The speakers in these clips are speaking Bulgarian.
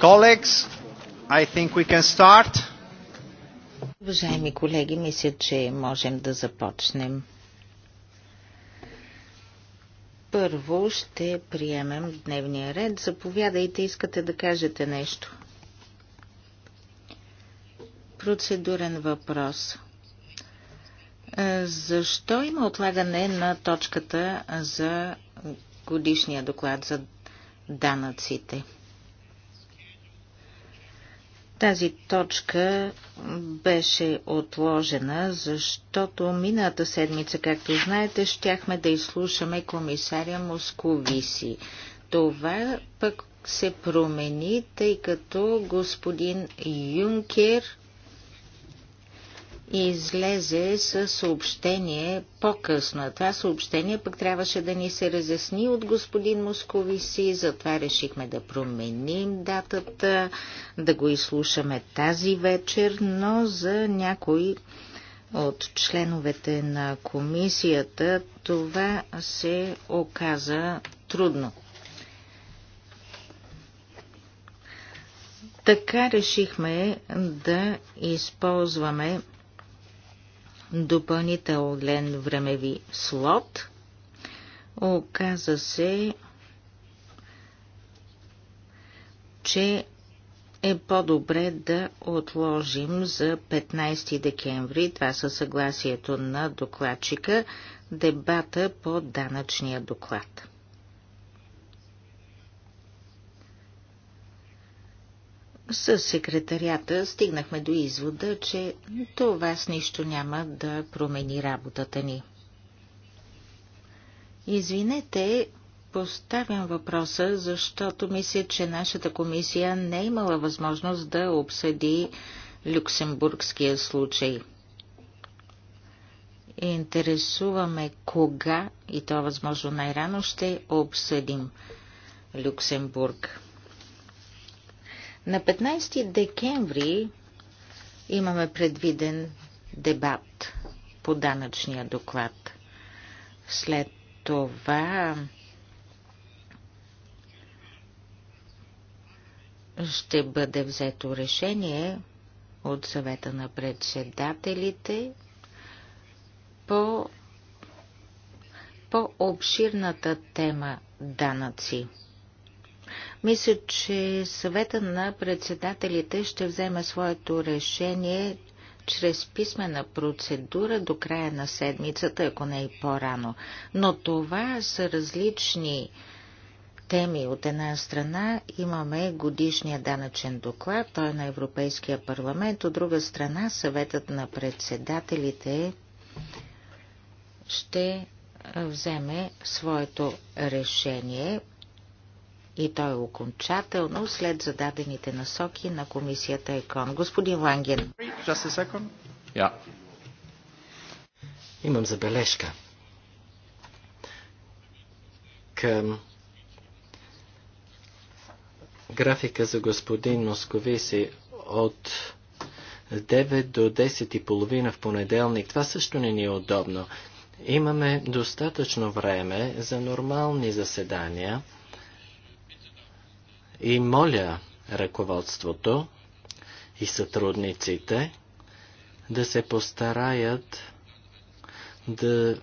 Colleagues, I think we can start. Уважаеми колеги, мисля, че можем да започнем. Първо ще приемем дневния ред. Заповядайте, искате да кажете нещо. Процедурен въпрос. Е, защо има отлагане на точката за годишния доклад за данъците? Тази точка беше отложена, защото миналата седмица, както знаете, щяхме да изслушаме комисаря Московиси. Това пък се промени, тъй като господин Юнкер излезе със съобщение по-късно. Това съобщение пък трябваше да ни се разясни от господин Московиси, затова решихме да променим датата, да го изслушаме тази вечер, но за някои от членовете на комисията това се оказа трудно. Така решихме да използваме допълнителен времеви слот. Оказа се, че е по-добре да отложим за 15 декември, това със съгласието на докладчика, дебата по данъчния доклад. С секретарята стигнахме до извода, че това с нищо няма да промени работата ни. Извинете, поставям въпроса, защото мисля, че нашата комисия не е имала възможност да обсъди люксембургския случай. Интересуваме кога, и то възможно най-рано, ще обсъдим Люксембург. На 15 декември имаме предвиден дебат по данъчния доклад. След това ще бъде взето решение от съвета на председателите по по-обширната тема данъци. Мисля, че съвета на председателите ще вземе своето решение чрез писмена процедура до края на седмицата, ако не и е по-рано. Но това са различни теми. От една страна имаме годишния данъчен доклад, той е на Европейския парламент, от друга страна съветът на председателите ще вземе своето решение и то е окончателно след зададените насоки на комисията ЕКОН. Господин Ланген. Yeah. Имам забележка към графика за господин Московиси от 9 до 10 и половина в понеделник. Това също не ни е удобно. Имаме достатъчно време за нормални заседания. И моля ръководството и сътрудниците да се постараят да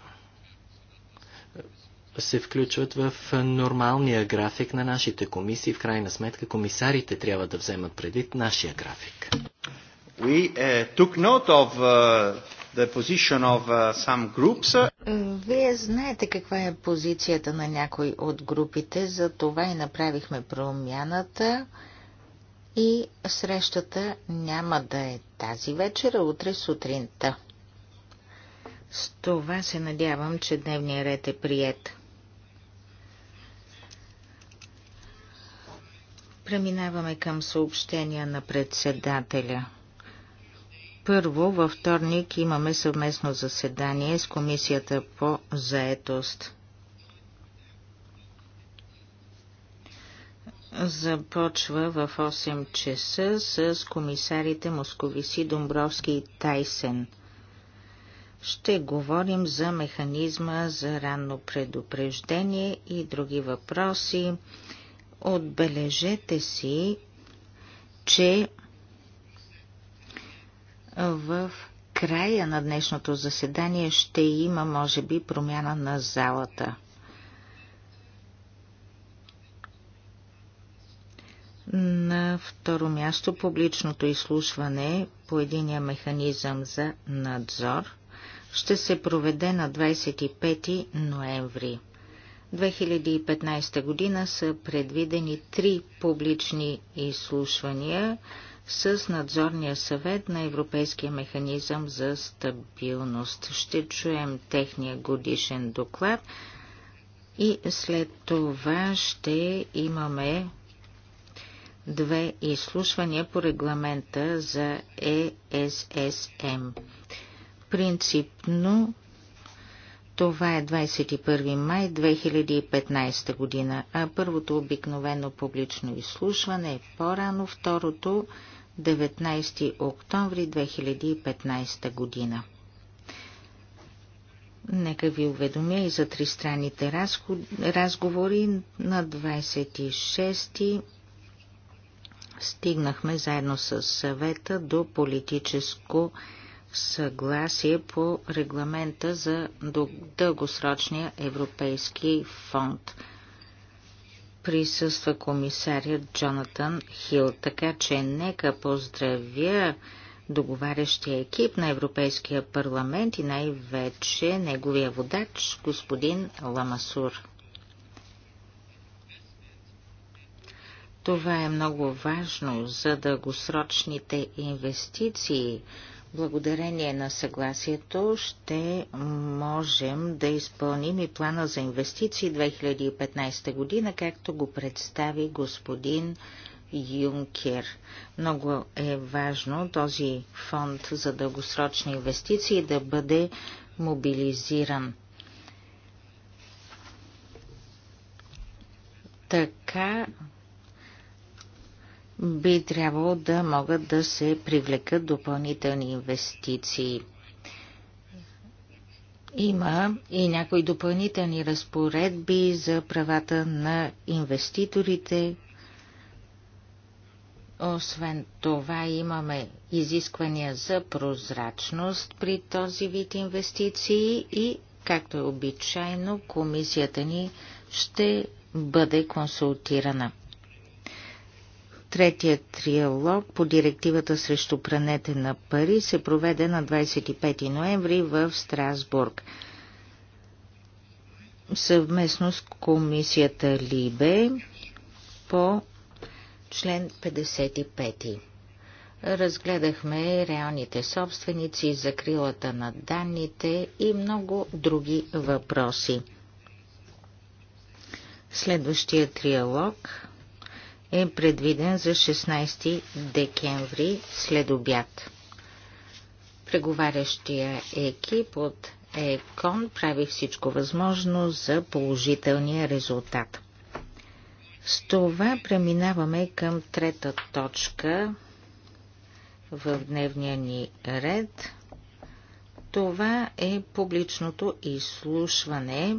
се включват в нормалния график на нашите комисии. В крайна сметка комисарите трябва да вземат предвид нашия график. We uh, took note of uh, the position of uh, some groups знаете каква е позицията на някой от групите, за това и направихме промяната и срещата няма да е тази вечер, а утре сутринта. С това се надявам, че дневния ред е прият. Преминаваме към съобщения на председателя. Първо, във вторник имаме съвместно заседание с Комисията по заетост. Започва в 8 часа с комисарите Московиси, Домбровски и Тайсен. Ще говорим за механизма за ранно предупреждение и други въпроси. Отбележете си, че в края на днешното заседание ще има, може би, промяна на залата. На второ място публичното изслушване по единия механизъм за надзор ще се проведе на 25 ноември. 2015 година са предвидени три публични изслушвания – с надзорния съвет на Европейския механизъм за стабилност. Ще чуем техния годишен доклад и след това ще имаме две изслушвания по регламента за ЕССМ. Принципно това е 21 май 2015 година, а първото обикновено публично изслушване е по-рано, второто – 19 октомври 2015 година. Нека ви уведомя и за тристранните разговори на 26 стигнахме заедно с съвета до политическо съгласие по регламента за дългосрочния европейски фонд – присъства комисарят Джонатан Хил, така че нека поздравя договарящия екип на Европейския парламент и най-вече неговия водач, господин Ламасур. Това е много важно за дългосрочните инвестиции – Благодарение на съгласието ще можем да изпълним и плана за инвестиции 2015 година, както го представи господин Юнкер. Много е важно този фонд за дългосрочни инвестиции да бъде мобилизиран. Така би трябвало да могат да се привлекат допълнителни инвестиции. Има и някои допълнителни разпоредби за правата на инвеститорите. Освен това имаме изисквания за прозрачност при този вид инвестиции и, както е обичайно, комисията ни ще бъде консултирана. Третият триалог по директивата срещу прането на пари се проведе на 25 ноември в Страсбург. Съвместно с комисията Либе по член 55. Разгледахме реалните собственици, закрилата на данните и много други въпроси. Следващия триалог е предвиден за 16 декември след обяд. Преговарящия екип от ЕКОН прави всичко възможно за положителния резултат. С това преминаваме към трета точка в дневния ни ред. Това е публичното изслушване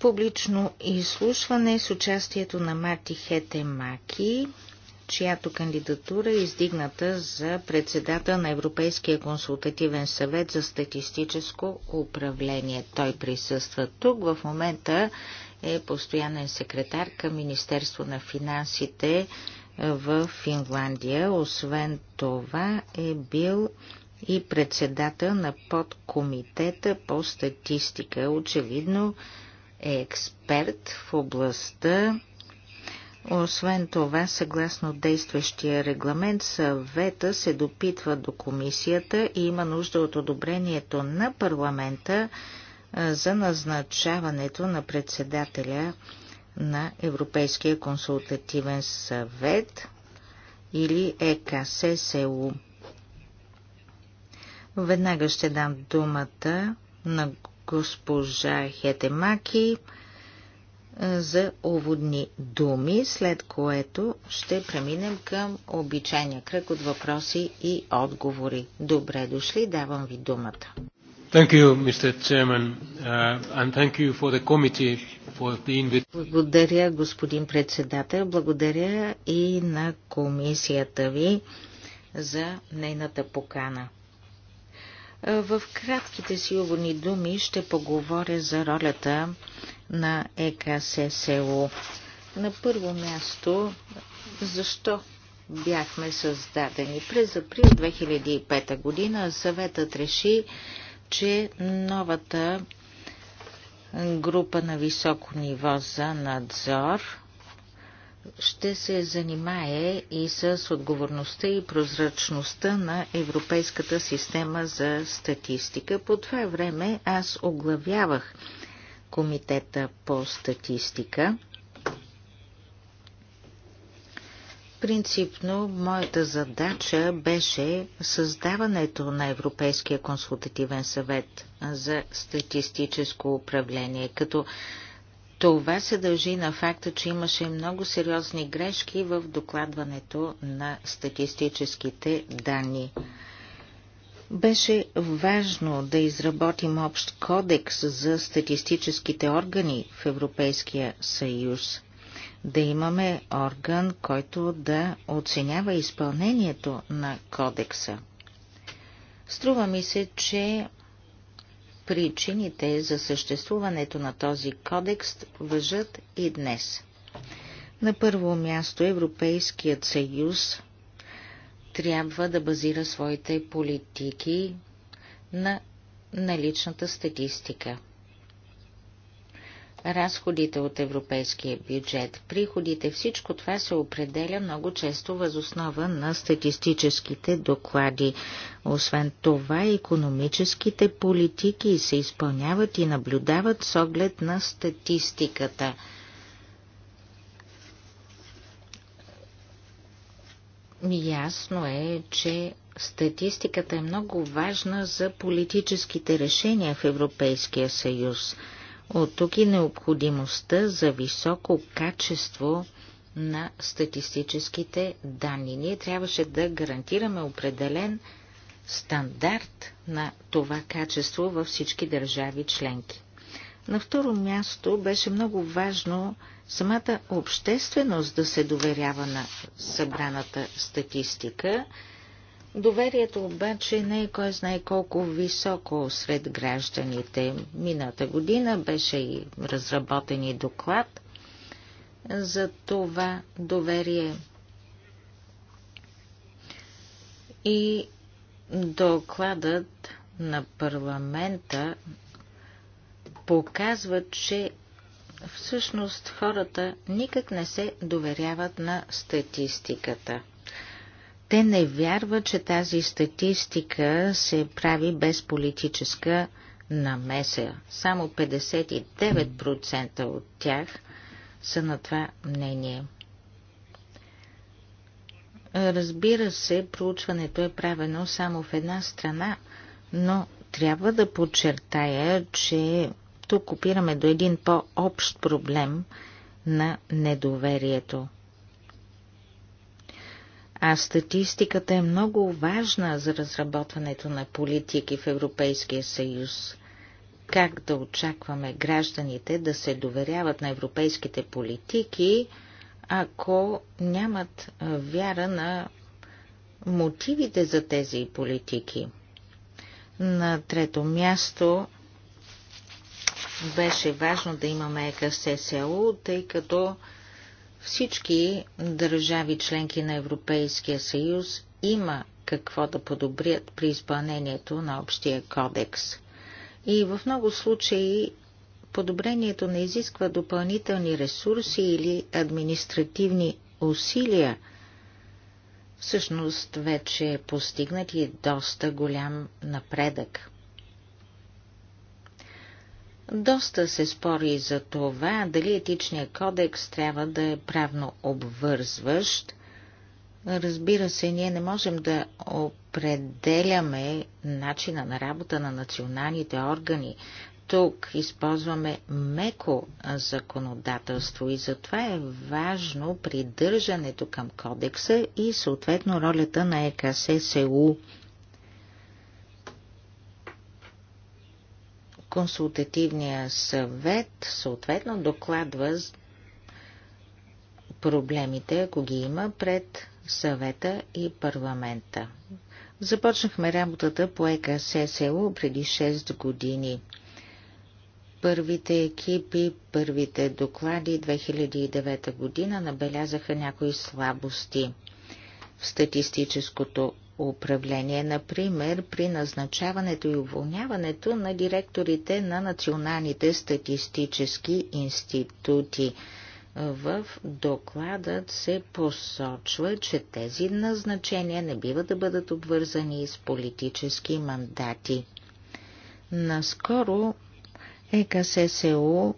публично изслушване с участието на Марти Хетемаки, чиято кандидатура е издигната за председател на Европейския консултативен съвет за статистическо управление. Той присъства тук. В момента е постоянен секретар към Министерство на финансите в Финландия. Освен това е бил и председател на подкомитета по статистика. Очевидно, е експерт в областта. Освен това, съгласно действащия регламент, съвета се допитва до комисията и има нужда от одобрението на парламента за назначаването на председателя на Европейския консултативен съвет или ЕКССУ. Веднага ще дам думата на госпожа Хетемаки за уводни думи, след което ще преминем към обичайния кръг от въпроси и отговори. Добре дошли, давам ви думата. Благодаря, господин председател. Благодаря и на комисията ви за нейната покана. В кратките си уводни думи ще поговоря за ролята на ЕКССО. На първо място, защо бяхме създадени? През април 2005 година съветът реши, че новата група на високо ниво за надзор ще се занимае и с отговорността и прозрачността на Европейската система за статистика. По това време аз оглавявах Комитета по статистика. Принципно моята задача беше създаването на Европейския консултативен съвет за статистическо управление, като това се дължи на факта, че имаше много сериозни грешки в докладването на статистическите данни. Беше важно да изработим общ кодекс за статистическите органи в Европейския съюз. Да имаме орган, който да оценява изпълнението на кодекса. Струва ми се, че Причините за съществуването на този кодекс въжат и днес. На първо място Европейският съюз трябва да базира своите политики на наличната статистика – разходите от европейския бюджет, приходите, всичко това се определя много често възоснова на статистическите доклади. Освен това, економическите политики се изпълняват и наблюдават с оглед на статистиката. Ясно е, че статистиката е много важна за политическите решения в Европейския съюз – от тук и необходимостта за високо качество на статистическите данни. Ние трябваше да гарантираме определен стандарт на това качество във всички държави членки. На второ място беше много важно самата общественост да се доверява на събраната статистика – Доверието обаче не е кой знае колко високо сред гражданите. Мината година беше и разработен и доклад за това доверие. И докладът на парламента показва, че всъщност хората никак не се доверяват на статистиката – те не вярват, че тази статистика се прави без политическа намеса. Само 59% от тях са на това мнение. Разбира се, проучването е правено само в една страна, но трябва да подчертая, че тук опираме до един по-общ проблем на недоверието а статистиката е много важна за разработването на политики в Европейския съюз. Как да очакваме гражданите да се доверяват на европейските политики, ако нямат вяра на мотивите за тези политики? На трето място беше важно да имаме ЕКССО, тъй като всички държави членки на Европейския съюз има какво да подобрят при изпълнението на общия кодекс. И в много случаи подобрението не изисква допълнителни ресурси или административни усилия. Всъщност вече е постигнат и е доста голям напредък. Доста се спори за това, дали етичният кодекс трябва да е правно обвързващ. Разбира се, ние не можем да определяме начина на работа на националните органи. Тук използваме меко законодателство и затова е важно придържането към кодекса и съответно ролята на ЕКССУ. Консултативния съвет съответно докладва проблемите, ако ги има, пред съвета и парламента. Започнахме работата по ЕКССЛО преди 6 години. Първите екипи, първите доклади 2009 година набелязаха някои слабости в статистическото управление, например при назначаването и уволняването на директорите на националните статистически институти. В докладът се посочва, че тези назначения не бива да бъдат обвързани с политически мандати. Наскоро ЕКССУ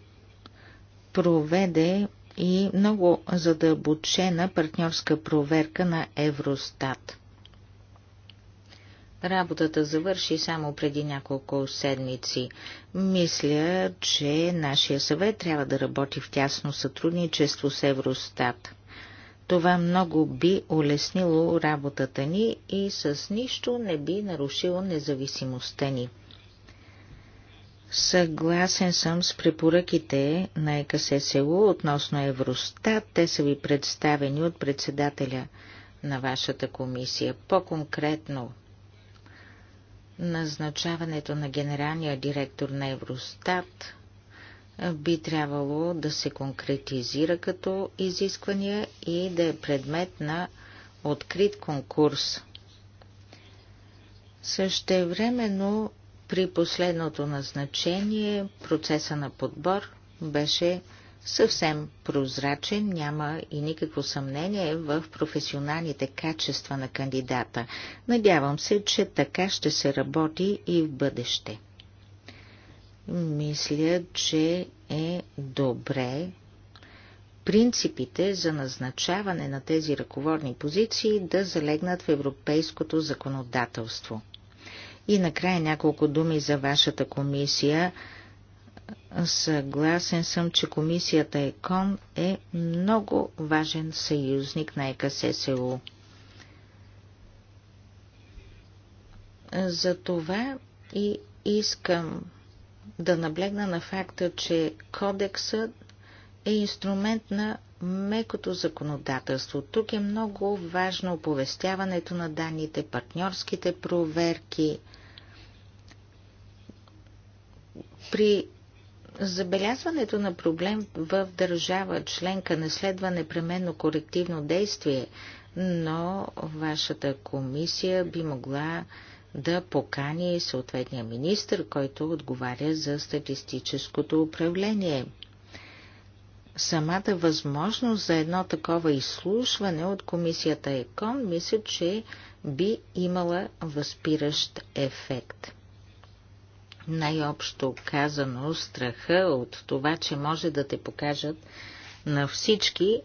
проведе и много задълбочена партньорска проверка на Евростат. Работата завърши само преди няколко седмици. Мисля, че нашия съвет трябва да работи в тясно сътрудничество с Евростат. Това много би улеснило работата ни и с нищо не би нарушило независимостта ни. Съгласен съм с препоръките на ЕКССУ относно Евростат. Те са ви представени от председателя на вашата комисия. По-конкретно, назначаването на генералния директор на Евростат би трябвало да се конкретизира като изисквания и да е предмет на открит конкурс. Същевременно при последното назначение процеса на подбор беше съвсем прозрачен, няма и никакво съмнение в професионалните качества на кандидата. Надявам се, че така ще се работи и в бъдеще. Мисля, че е добре принципите за назначаване на тези ръководни позиции да залегнат в европейското законодателство. И накрая няколко думи за вашата комисия – Съгласен съм, че комисията ЕКОН е много важен съюзник на ЕКССУ. Затова и искам да наблегна на факта, че кодексът е инструмент на мекото законодателство. Тук е много важно оповестяването на данните, партньорските проверки. При Забелязването на проблем в държава членка не следва непременно корективно действие, но вашата комисия би могла да покани съответния министр, който отговаря за статистическото управление. Самата възможност за едно такова изслушване от комисията ЕКОН мисля, че би имала възпиращ ефект. Най-общо казано, страха от това, че може да те покажат на всички,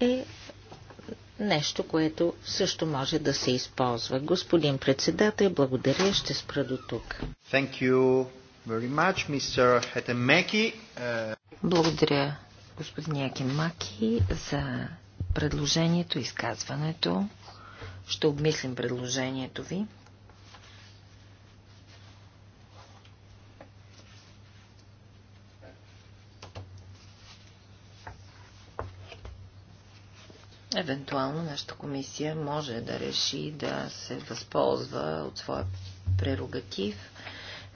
е нещо, което също може да се използва. Господин председател, благодаря, ще спра до тук. Thank you very much, Mr. Uh... Благодаря, господин Якимаки, за предложението, изказването. Ще обмислим предложението ви. Евентуално нашата комисия може да реши да се възползва от своя прерогатив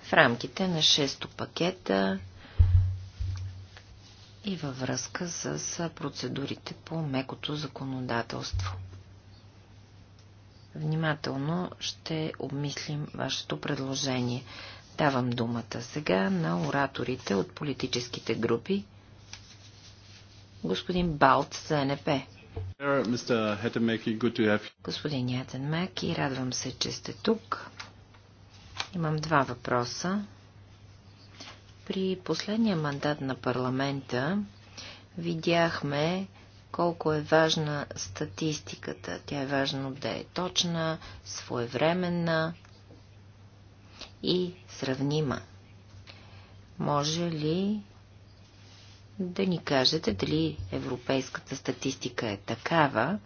в рамките на 6 пакета и във връзка с процедурите по мекото законодателство. Внимателно ще обмислим вашето предложение. Давам думата сега на ораторите от политическите групи. Господин Балт за НП. Господин Ятенмек, и радвам се, че сте тук. Имам два въпроса. При последния мандат на парламента видяхме колко е важна статистиката. Тя е важно да е точна, своевременна и сравнима. Може ли да ни кажете дали европейската статистика е такава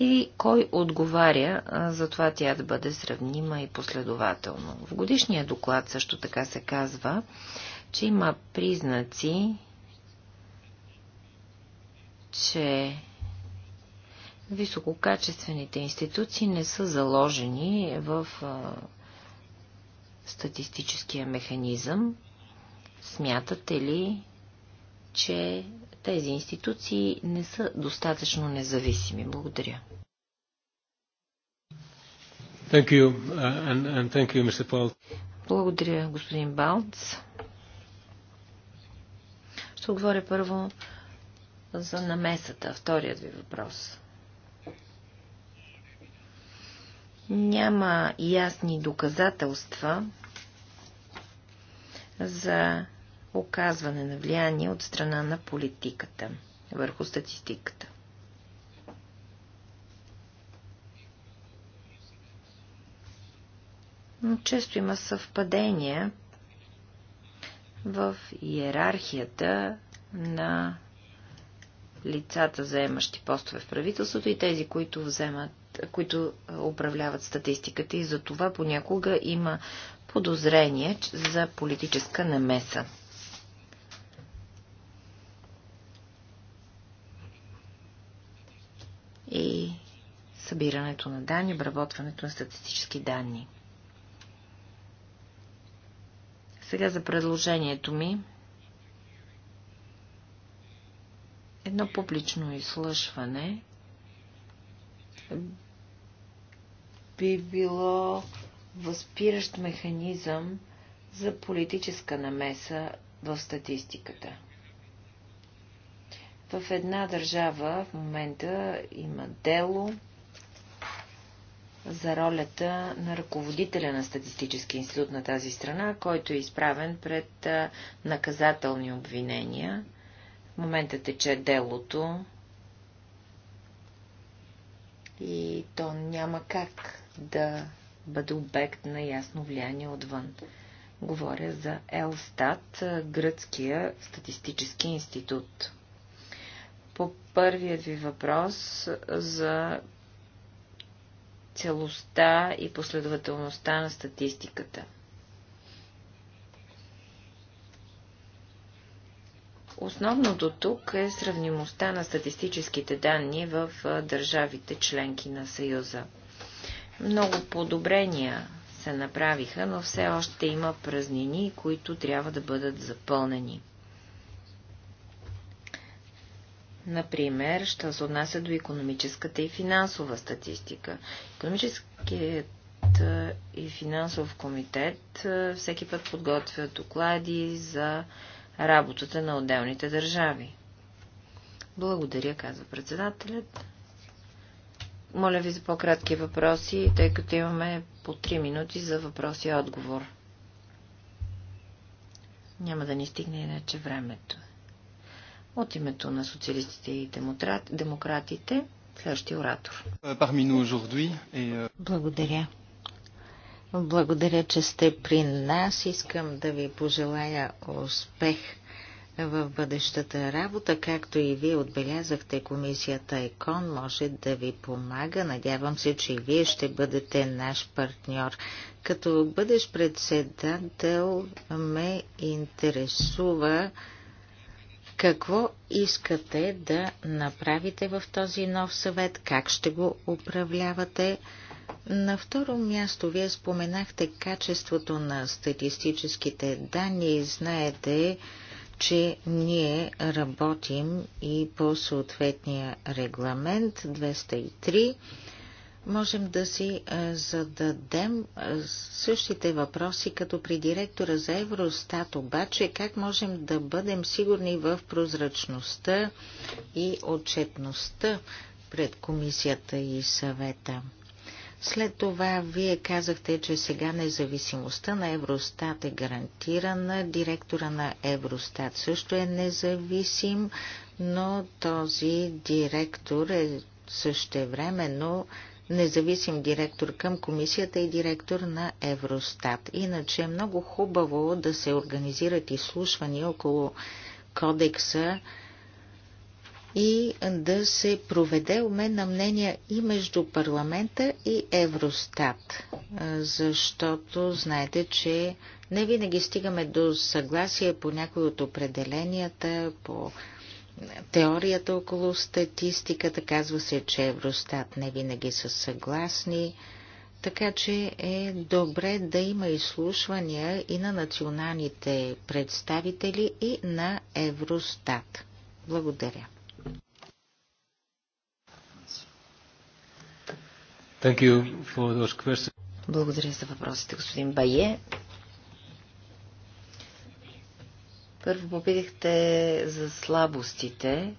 и кой отговаря за това тя да бъде сравнима и последователно. В годишния доклад също така се казва, че има признаци, че висококачествените институции не са заложени в статистическия механизъм Смятате ли, че тези институции не са достатъчно независими? Благодаря. Thank you, uh, and, and thank you, Mr. Paul. Благодаря, господин Балц. Ще говоря първо за намесата, вторият ви въпрос. Няма ясни доказателства за оказване на влияние от страна на политиката върху статистиката. Но често има съвпадения в иерархията на лицата, заемащи постове в правителството и тези, които вземат които управляват статистиката и за това понякога има подозрение за политическа намеса. събирането на данни, обработването на статистически данни. Сега за предложението ми. Едно публично изслушване би било възпиращ механизъм за политическа намеса в статистиката. В една държава в момента има дело за ролята на ръководителя на Статистически институт на тази страна, който е изправен пред наказателни обвинения. В момента тече делото и то няма как да бъде обект на ясно влияние отвън. Говоря за Елстат, гръцкия статистически институт. По първият ви въпрос за целостта и последователността на статистиката. Основното тук е сравнимостта на статистическите данни в държавите членки на Съюза. Много подобрения се направиха, но все още има празнини, които трябва да бъдат запълнени. Например, що се отнася до економическата и финансова статистика. Економическият е, и финансов комитет е, всеки път подготвя доклади за работата на отделните държави. Благодаря, казва председателят. Моля ви за по-кратки въпроси, тъй като имаме по 3 минути за въпрос и отговор. Няма да ни стигне иначе времето. От името на социалистите и демократите, следващия оратор. Euh, Благодаря. Благодаря, че сте при нас. Искам да ви пожелая успех в бъдещата работа, както и вие отбелязахте, комисията ЕКОН може да ви помага. Надявам се, че и вие ще бъдете наш партньор. Като бъдеш председател, ме интересува какво искате да направите в този нов съвет? Как ще го управлявате? На второ място, вие споменахте качеството на статистическите данни. Знаете, че ние работим и по съответния регламент 203 можем да си зададем същите въпроси като при директора за Евростат, обаче как можем да бъдем сигурни в прозрачността и отчетността пред комисията и съвета. След това вие казахте, че сега независимостта на Евростат е гарантирана, директора на Евростат също е независим, но този директор е същевременно независим директор към комисията и директор на Евростат. Иначе е много хубаво да се организират изслушвания около кодекса и да се проведе умен на мнения и между парламента и Евростат, защото знаете, че не винаги стигаме до съгласие по някои от определенията, по теорията около статистиката. Казва се, че Евростат не винаги са съгласни. Така че е добре да има изслушвания и на националните представители и на Евростат. Благодаря. Благодаря за въпросите, господин Бае. Първо попитахте за слабостите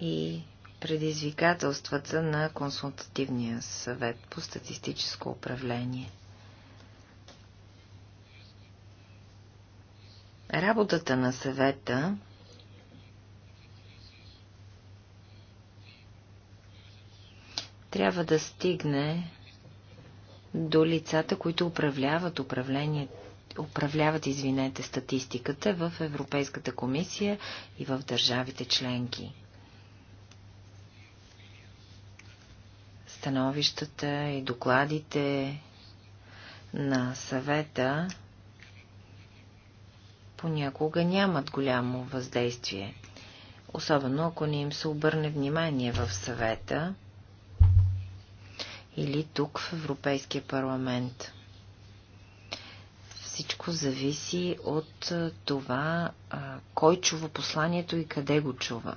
и предизвикателствата на консултативния съвет по статистическо управление. Работата на съвета трябва да стигне до лицата, които управляват управлението управляват, извинете, статистиката в Европейската комисия и в държавите членки. Становищата и докладите на съвета понякога нямат голямо въздействие, особено ако не им се обърне внимание в съвета или тук в Европейския парламент. Всичко зависи от това, кой чува посланието и къде го чува.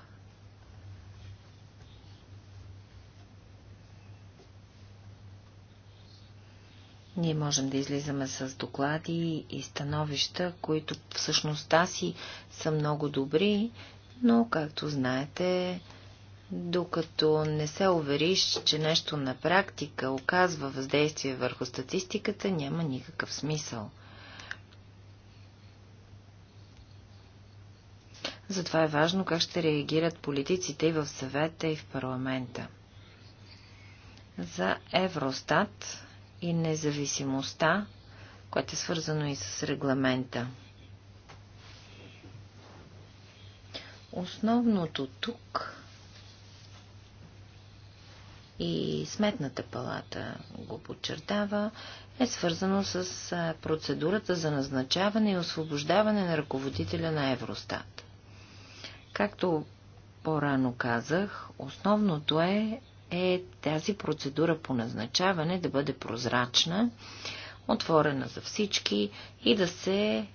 Ние можем да излизаме с доклади и становища, които всъщност си са много добри, но, както знаете, докато не се увериш, че нещо на практика оказва въздействие върху статистиката, няма никакъв смисъл. Затова е важно как ще реагират политиците и в съвета, и в парламента. За Евростат и независимостта, което е свързано и с регламента. Основното тук и Сметната палата го подчертава, е свързано с процедурата за назначаване и освобождаване на ръководителя на Евростат. Както по-рано казах, основното е, е тази процедура по назначаване да бъде прозрачна, отворена за всички и да се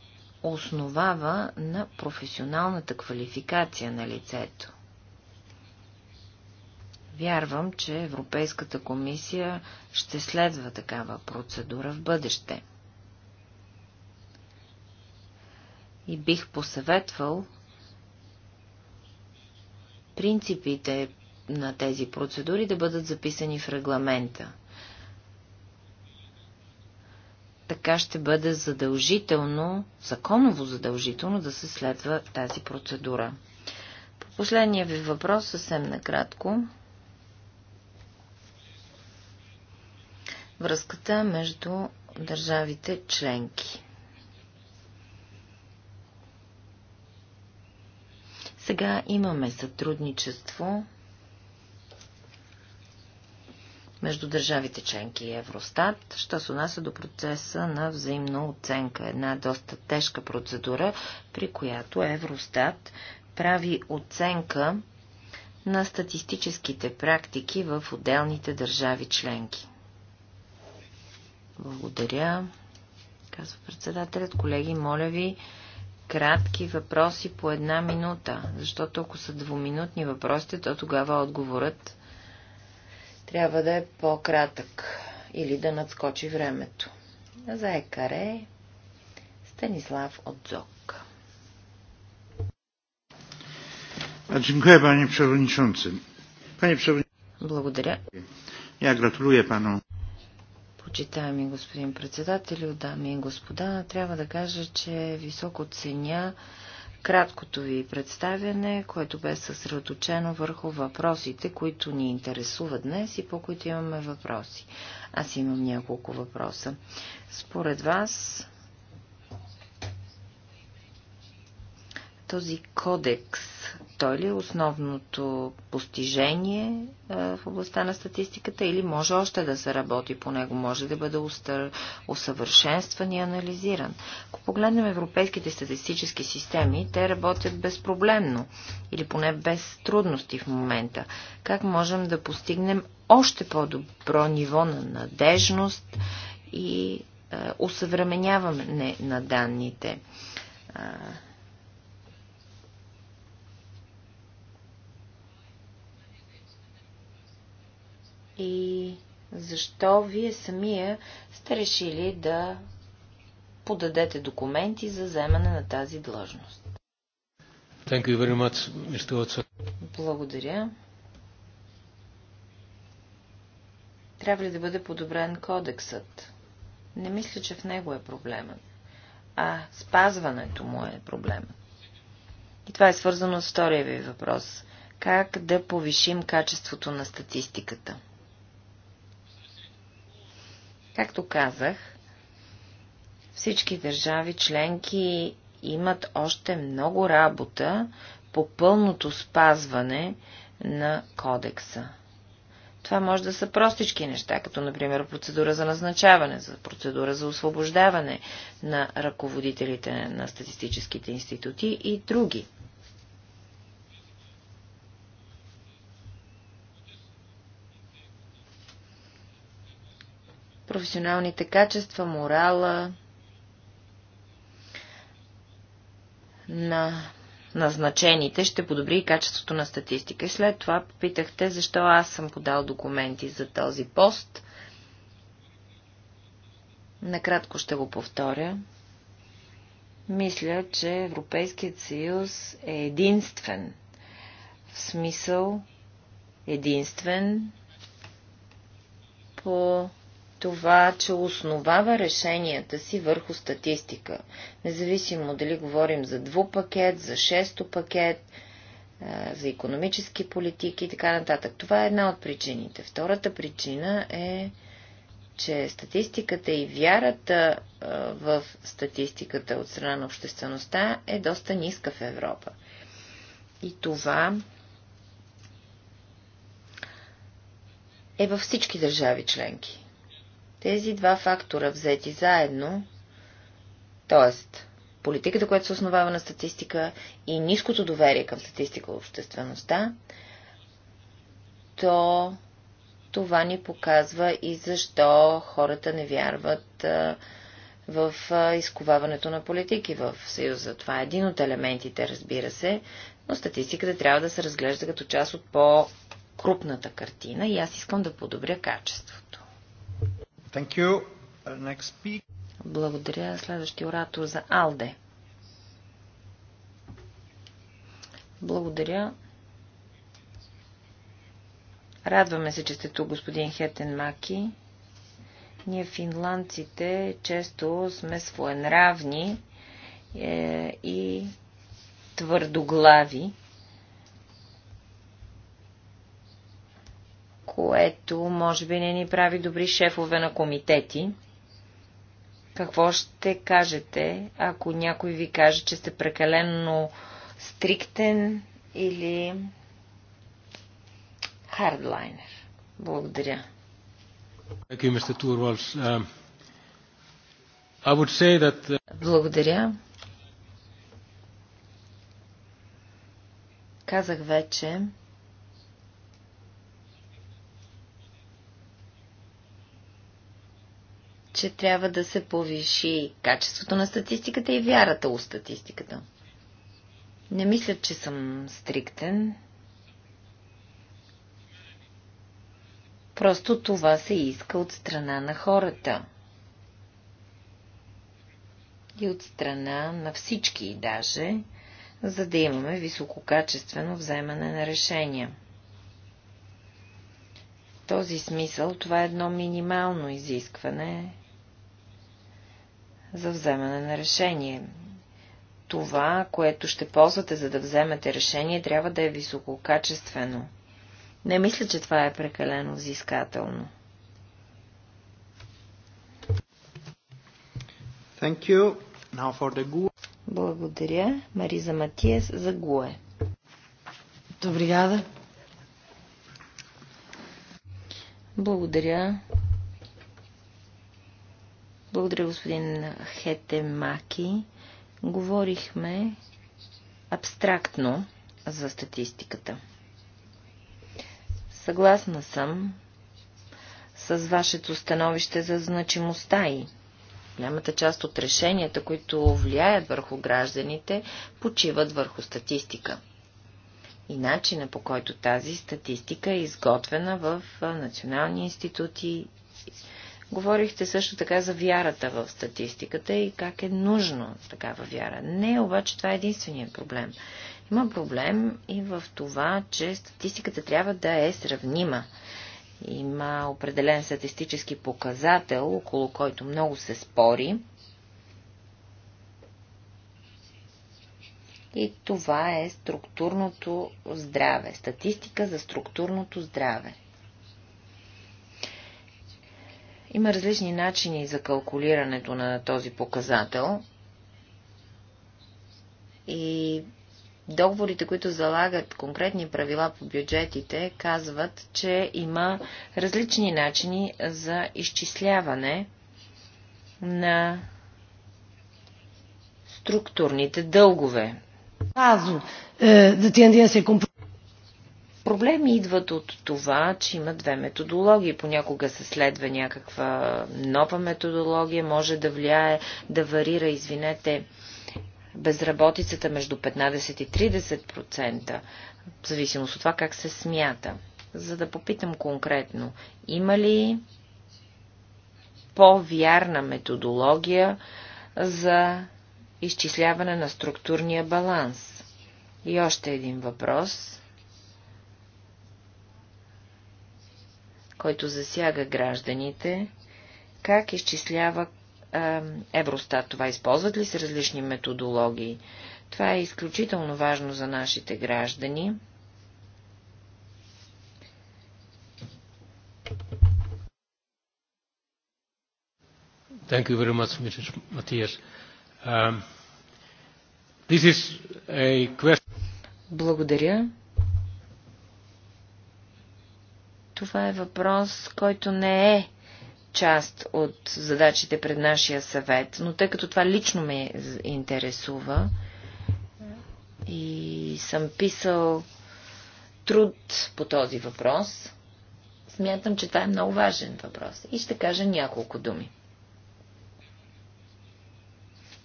основава на професионалната квалификация на лицето. Вярвам, че Европейската комисия ще следва такава процедура в бъдеще. И бих посъветвал принципите на тези процедури да бъдат записани в регламента. Така ще бъде задължително, законово задължително да се следва тази процедура. По последния ви въпрос съвсем накратко. Връзката между държавите членки. Сега имаме сътрудничество между държавите членки и Евростат, що се отнася до процеса на взаимна оценка. Една доста тежка процедура, при която Евростат прави оценка на статистическите практики в отделните държави членки. Благодаря, казва председателят. Колеги, моля ви, кратки въпроси по една минута, защото ако са двуминутни въпросите, то тогава отговорът трябва да е по-кратък или да надскочи времето. За екаре Станислав Отзок. ЗОК. Благодаря. Я gratuluję пану Почитаеми господин председател, дами и господа, трябва да кажа, че високо ценя краткото ви представяне, което бе съсредоточено върху въпросите, които ни интересуват днес и по които имаме въпроси. Аз имам няколко въпроса. Според вас, този кодекс той ли е основното постижение в областта на статистиката или може още да се работи по него, може да бъде усъвършенстван и анализиран. Ако погледнем европейските статистически системи, те работят безпроблемно или поне без трудности в момента. Как можем да постигнем още по-добро ниво на надежност и усъвременяване на данните? и защо вие самия сте решили да подадете документи за вземане на тази длъжност. Thank you very much, Mr. Благодаря. Трябва ли да бъде подобрен кодексът? Не мисля, че в него е проблемът, а спазването му е проблемът. И това е свързано с втория ви въпрос. Как да повишим качеството на статистиката? Както казах, всички държави членки имат още много работа по пълното спазване на кодекса. Това може да са простички неща, като например процедура за назначаване, за процедура за освобождаване на ръководителите на статистическите институти и други. професионалните качества, морала на назначените ще подобри и качеството на статистика. И след това попитахте защо аз съм подал документи за този пост. Накратко ще го повторя. Мисля, че Европейският съюз е единствен. В смисъл единствен по това, че основава решенията си върху статистика. Независимо дали говорим за двупакет, за шесто пакет, за економически политики и така нататък. Това е една от причините. Втората причина е, че статистиката и вярата в статистиката от страна на обществеността е доста ниска в Европа. И това е във всички държави членки. Тези два фактора взети заедно, т.е. политиката, която се основава на статистика и ниското доверие към статистика в обществеността, то това ни показва и защо хората не вярват в изковаването на политики в Съюза. Това е един от елементите, разбира се, но статистиката трябва да се разглежда като част от по-крупната картина и аз искам да подобря качеството. Thank you. Uh, next speak. Благодаря. Следващия оратор за Алде. Благодаря. Радваме се, че сте тук, господин Хетен Маки. Ние финландците често сме своенравни е, и твърдоглави. което може би не ни прави добри шефове на комитети. Какво ще кажете, ако някой ви каже, че сте прекалено стриктен или хардлайнер? Благодаря. Um, uh, Благодаря. Казах вече, че трябва да се повиши качеството на статистиката и вярата у статистиката. Не мисля, че съм стриктен. Просто това се иска от страна на хората. И от страна на всички даже, за да имаме висококачествено вземане на решения. В този смисъл това е едно минимално изискване, за вземане на решение. Това, което ще ползвате, за да вземете решение, трябва да е висококачествено. Не мисля, че това е прекалено взискателно. Thank you. Now for the GUE. Благодаря. Мариза Матиес за ГУЕ. Добре, Благодаря. Благодаря, господин Хетемаки. Говорихме абстрактно за статистиката. Съгласна съм с вашето становище за значимостта и Голямата част от решенията, които влияят върху гражданите, почиват върху статистика. И начина по който тази статистика е изготвена в национални институти, Говорихте също така за вярата в статистиката и как е нужно такава вяра. Не, обаче това е единственият проблем. Има проблем и в това, че статистиката трябва да е сравнима. Има определен статистически показател, около който много се спори. И това е структурното здраве. Статистика за структурното здраве. Има различни начини за калкулирането на този показател и договорите, които залагат конкретни правила по бюджетите, казват, че има различни начини за изчисляване на структурните дългове. Caso de tendência Проблеми идват от това, че има две методологии. Понякога се следва някаква нова методология, може да влияе, да варира, извинете, безработицата между 15 и 30%, в зависимост от това как се смята. За да попитам конкретно, има ли по-вярна методология за изчисляване на структурния баланс? И още един въпрос. който засяга гражданите, как изчислява е, Евростат това? Използват ли се различни методологии? Това е изключително важно за нашите граждани. Thank you very much, Mr. Matthias. Um, this is a question. Благодаря. Това е въпрос, който не е част от задачите пред нашия съвет, но тъй като това лично ме интересува и съм писал труд по този въпрос, смятам, че това е много важен въпрос и ще кажа няколко думи.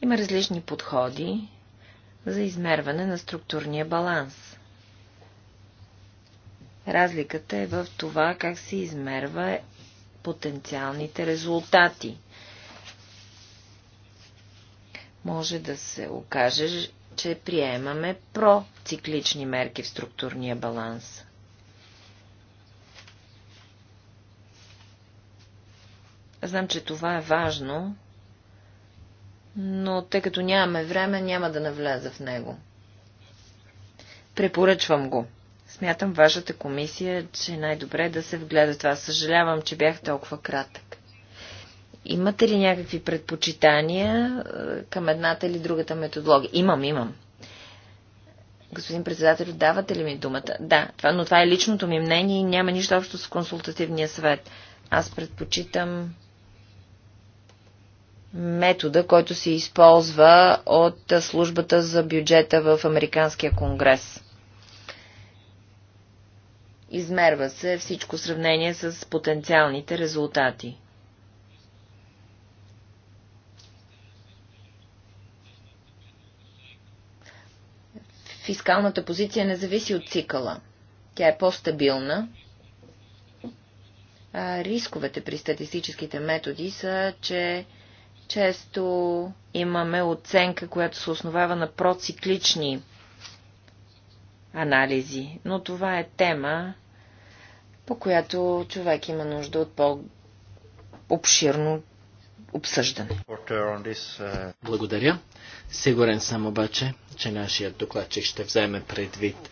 Има различни подходи за измерване на структурния баланс. Разликата е в това как се измерва потенциалните резултати. Може да се окаже, че приемаме проциклични мерки в структурния баланс. Знам, че това е важно, но тъй като нямаме време, няма да навляза в него. Препоръчвам го. Смятам вашата комисия, че е най-добре е да се вгледа това. Съжалявам, че бях толкова кратък. Имате ли някакви предпочитания е, към едната или другата методология? Имам, имам. Господин председател, давате ли ми думата? Да, това, но това е личното ми мнение и няма нищо общо с консултативния съвет. Аз предпочитам метода, който се използва от службата за бюджета в Американския конгрес. Измерва се всичко сравнение с потенциалните резултати. Фискалната позиция не зависи от цикъла. Тя е по-стабилна. Рисковете при статистическите методи са, че често имаме оценка, която се основава на проциклични анализи, но това е тема, по която човек има нужда от по-обширно обсъждане. Благодаря. Сигурен съм обаче, че нашият докладчик ще вземе предвид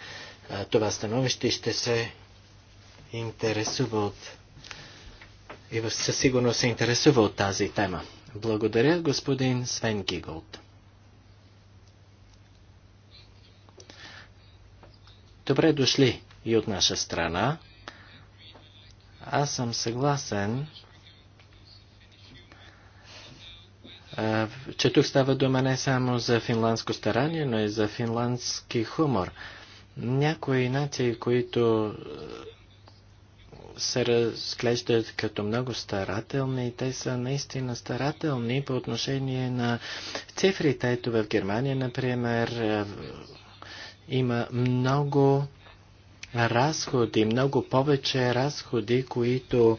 това становище и ще се интересува от и със сигурност се интересува от тази тема. Благодаря, господин Свен Гиголд. Добре дошли и от наша страна. Аз съм съгласен, че тук става дума не само за финландско старание, но и за финландски хумор. Някои нации, които се разглеждат като много старателни и те са наистина старателни по отношение на цифрите. Ето в Германия, например, има много разходи, много повече разходи, които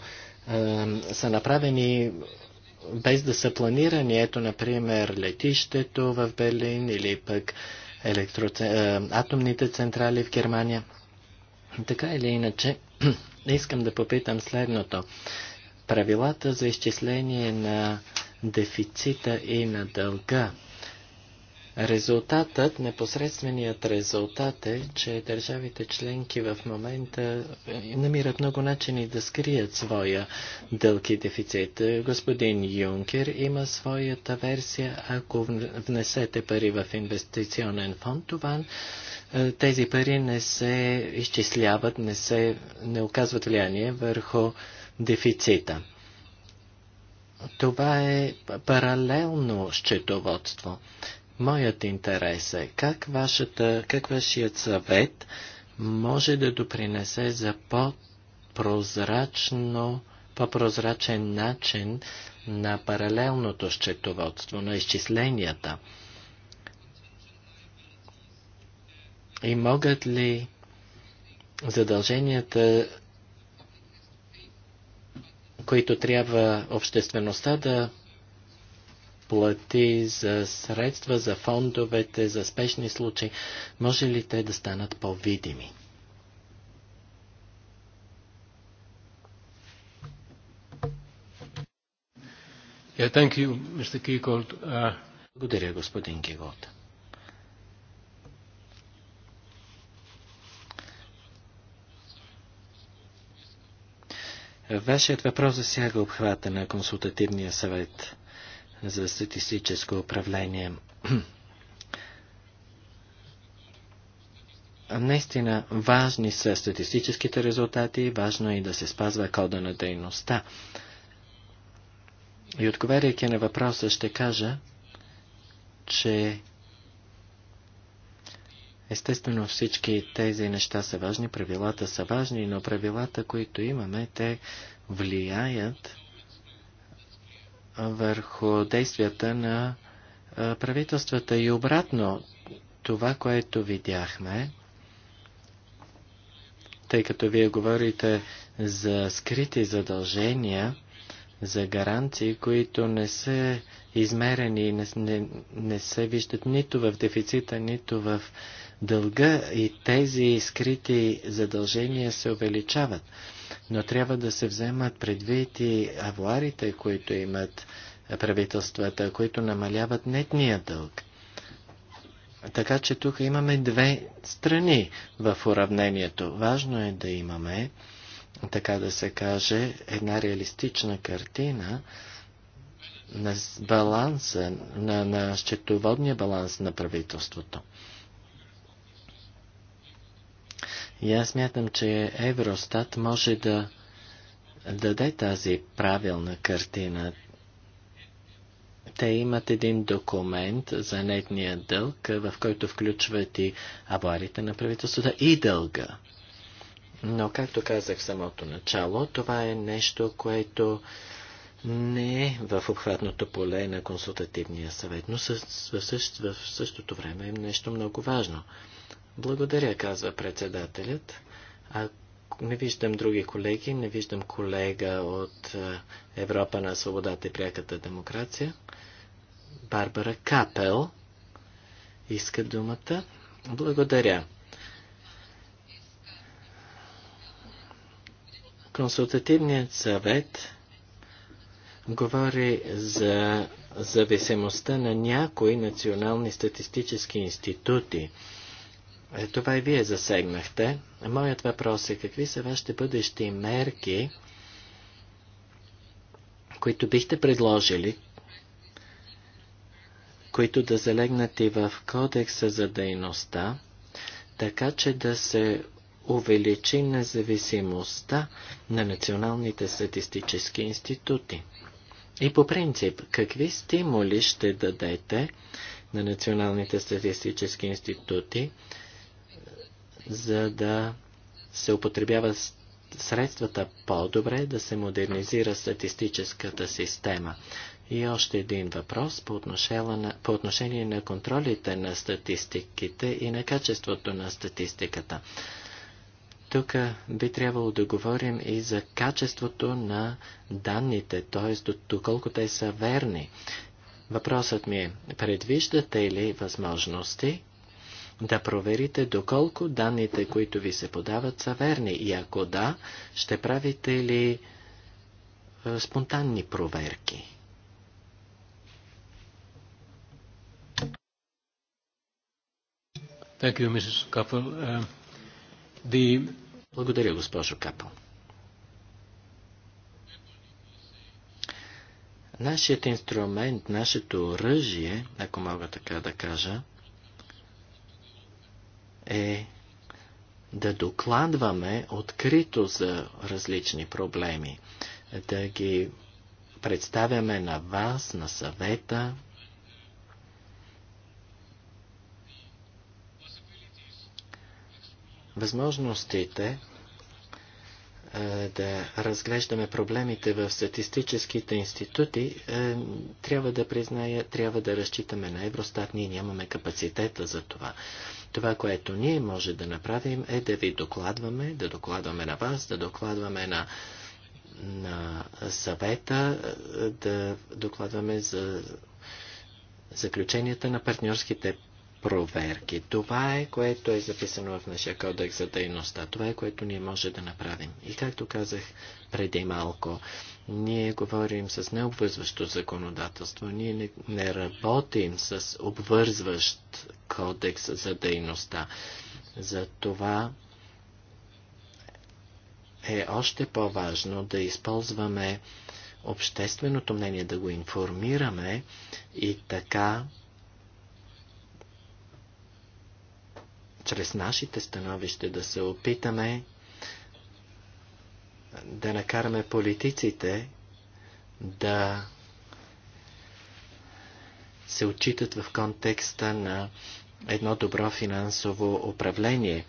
е, са направени без да са планирани. Ето, например, летището в Берлин или пък електроце... Е, атомните централи в Германия. Така или иначе, искам да попитам следното. Правилата за изчисление на дефицита и на дълга – Резултатът, непосредственият резултат е, че държавите членки в момента е, намират много начини да скрият своя дълг и дефицит. Господин Юнкер има своята версия, ако внесете пари в инвестиционен фонд, това е, тези пари не се изчисляват, не, се, не оказват влияние върху дефицита. Това е паралелно счетоводство. Моят интерес е как, вашата, как вашият съвет може да допринесе за по-прозрачно, по-прозрачен начин на паралелното счетоводство, на изчисленията. И могат ли задълженията, които трябва обществеността да плати за средства, за фондовете, за спешни случаи, може ли те да станат по-видими? Yeah, thank you, Mr. Kikold. Uh... Благодаря, господин Гигот. Вашият въпрос засяга обхвата на консултативния съвет за статистическо управление. Наистина, важни са статистическите резултати, важно е и да се спазва кода на дейността. И отговаряйки на въпроса, ще кажа, че Естествено всички тези неща са важни, правилата са важни, но правилата, които имаме, те влияят върху действията на правителствата и обратно това, което видяхме, тъй като вие говорите за скрити задължения, за гаранции, които не са измерени и не, не, не се виждат нито в дефицита, нито в дълга и тези скрити задължения се увеличават но трябва да се вземат предвид и авуарите, които имат правителствата, които намаляват нетния дълг. Така че тук имаме две страни в уравнението. Важно е да имаме, така да се каже, една реалистична картина на баланса, на, на счетоводния баланс на правителството. И аз мятам, че Евростат може да даде тази правилна картина. Те имат един документ за нетния дълг, в който включват и аварите на правителството и дълга. Но, както казах в самото начало, това е нещо, което не е в обхватното поле на консултативния съвет, но в същото време е нещо много важно. Благодаря, казва председателят. А не виждам други колеги, не виждам колега от Европа на свободата и пряката демокрация. Барбара Капел иска думата. Благодаря. Консултативният съвет говори за зависимостта на някои национални статистически институти – е, това и вие засегнахте. Моят въпрос е какви са вашите бъдещи мерки, които бихте предложили, които да залегнат и в кодекса за дейността, така че да се увеличи независимостта на националните статистически институти. И по принцип, какви стимули ще дадете на националните статистически институти за да се употребява средствата по-добре, да се модернизира статистическата система. И още един въпрос по отношение, на, по отношение на контролите на статистиките и на качеството на статистиката. Тук би трябвало да говорим и за качеството на данните, т.е. доколко те са верни. Въпросът ми е, предвиждате ли възможности да проверите доколко данните, които ви се подават, са верни и ако да, ще правите ли е, спонтанни проверки. Thank you, Mrs. Kappel. Uh, the... Благодаря, госпожо Капъл. Нашият инструмент, нашето оръжие, ако мога така да кажа, е да докладваме открито за различни проблеми, да ги представяме на вас, на съвета. Възможностите е, да разглеждаме проблемите в статистическите институти, е, трябва да призная, трябва да разчитаме на Евростат, ние нямаме капацитета за това. Това, което ние може да направим е да ви докладваме, да докладваме на вас, да докладваме на, на съвета, да докладваме за заключенията на партньорските проверки. Това е, което е записано в нашия кодекс за дейността. Това е, което ние може да направим. И както казах преди малко, ние говорим с необвързващо законодателство. Ние не, не работим с обвързващ кодекс за дейността. Затова е още по-важно да използваме общественото мнение, да го информираме и така чрез нашите становища да се опитаме да накараме политиците да се отчитат в контекста на едно добро финансово управление.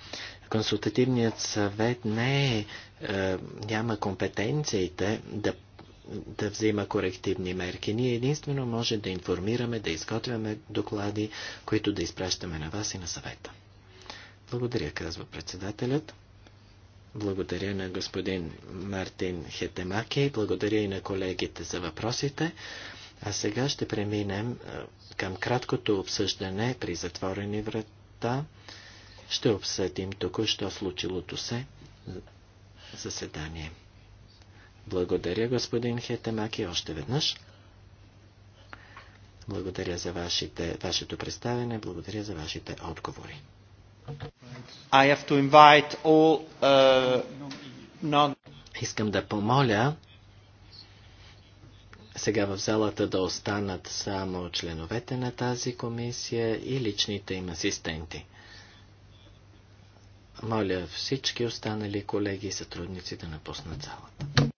Консултативният съвет не е, е няма компетенциите да, да взима корективни мерки. Ние единствено може да информираме, да изготвяме доклади, които да изпращаме на вас и на съвета. Благодаря, казва председателят. Благодаря на господин Мартин Хетемаки, благодаря и на колегите за въпросите. А сега ще преминем е, към краткото обсъждане при затворени врата. Ще обсъдим току-що случилото се заседание. Благодаря, господин Хетемаки, още веднъж. Благодаря за вашите, вашето представяне, благодаря за вашите отговори. I have to invite all, uh, non... Искам да помоля сега в залата да останат само членовете на тази комисия и личните им асистенти. Моля всички останали колеги и сътрудници да напуснат залата.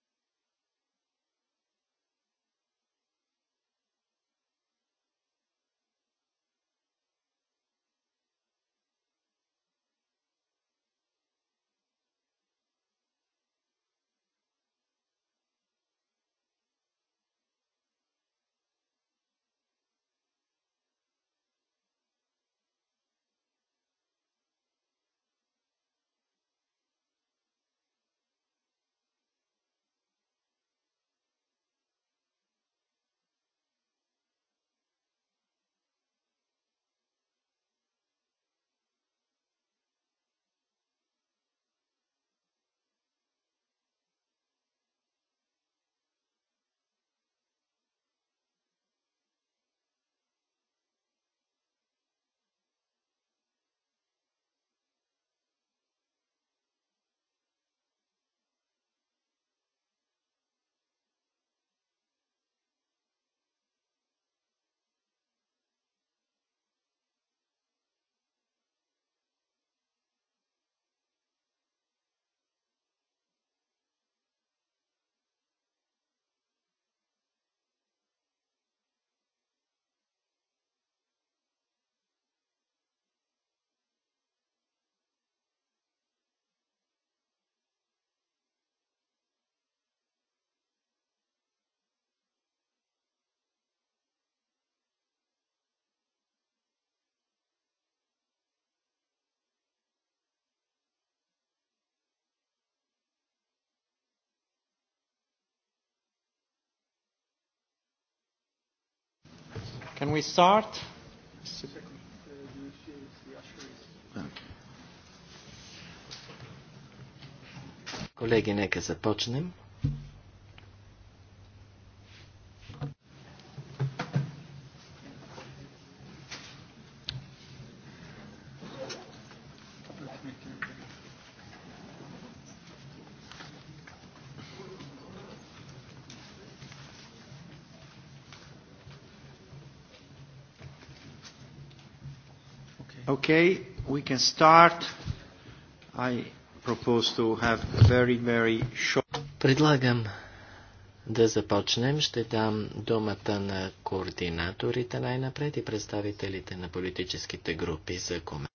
Can we start? Колеги, нека започнем. Okay, we can start. I propose to have a very, very short... Предлагам да започнем. Ще дам думата на координаторите най-напред и представителите на политическите групи за коментар.